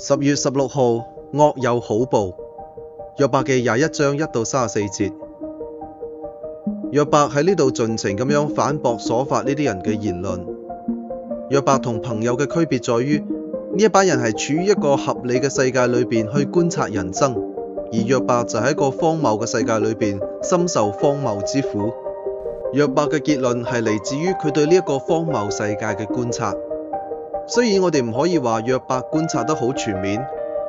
十月十六號，惡有好報。約伯記廿一章一到三十四節，約伯喺呢度盡情咁樣反駁所發呢啲人嘅言論。約伯同朋友嘅區別在於，呢一班人係處於一個合理嘅世界裏邊去觀察人生，而約伯就喺一個荒謬嘅世界裏邊，深受荒謬之苦。約伯嘅結論係嚟自於佢對呢個荒謬世界嘅觀察。雖然我哋唔可以話約伯觀察得好全面，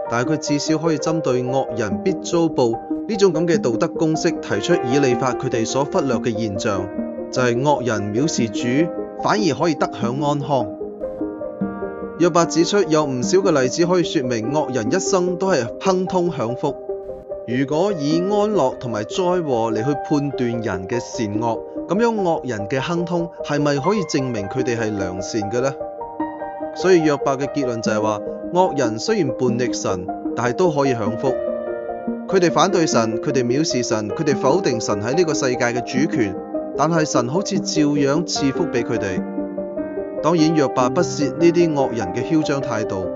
但係佢至少可以針對惡人必遭報呢種咁嘅道德公式，提出以利法佢哋所忽略嘅現象，就係惡人藐視主，反而可以得享安康。約伯指出有唔少嘅例子可以説明惡人一生都係亨通享福。如果以安樂同埋災禍嚟去判斷人嘅善惡，咁樣惡人嘅亨通係咪可以證明佢哋係良善嘅呢？所以約伯嘅結論就係話，惡人雖然叛逆神，但係都可以享福。佢哋反對神，佢哋藐視神，佢哋否定神喺呢個世界嘅主權，但係神好似照樣賜福俾佢哋。當然約伯不屑呢啲惡人嘅囂張態度，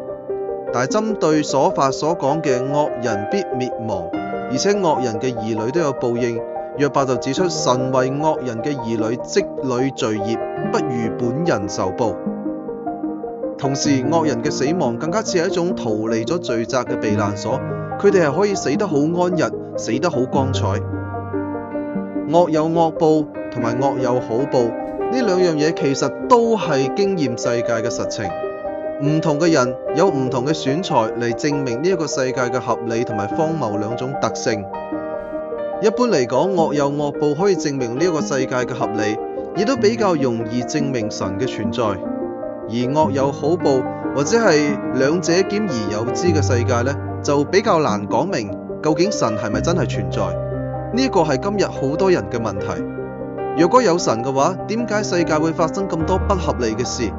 但係針對所發所講嘅惡人必滅亡，而且惡人嘅兒女都有報應，約伯就指出神為惡人嘅兒女積累罪孽，不如本人受報。同時，惡人嘅死亡更加似係一種逃離咗罪責嘅避難所，佢哋係可以死得好安逸，死得好光彩。惡有惡報同埋惡有好報，呢兩樣嘢其實都係經驗世界嘅實情。唔同嘅人有唔同嘅選材嚟證明呢個世界嘅合理同埋荒謬兩種特性。一般嚟講，惡有惡報可以證明呢個世界嘅合理，亦都比較容易證明神嘅存在。而惡有好報，或者係兩者兼而有之嘅世界呢，就比較難講明究竟神係咪真係存在？呢一個係今日好多人嘅問題。如果有神嘅話，點解世界會發生咁多不合理嘅事？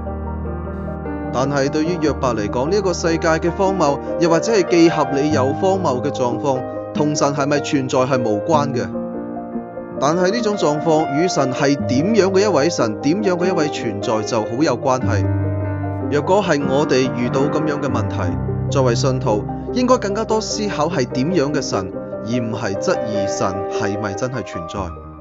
但係對於約伯嚟講，呢一個世界嘅荒謬，又或者係既合理又荒謬嘅狀況，同神係咪存在係無關嘅。但係呢種狀況，與神係點樣嘅一位神，點樣嘅一位存在就好有關係。若果係我哋遇到咁樣嘅問題，作為信徒，應該更加多思考係點樣嘅神，而唔係質疑神係咪真係存在。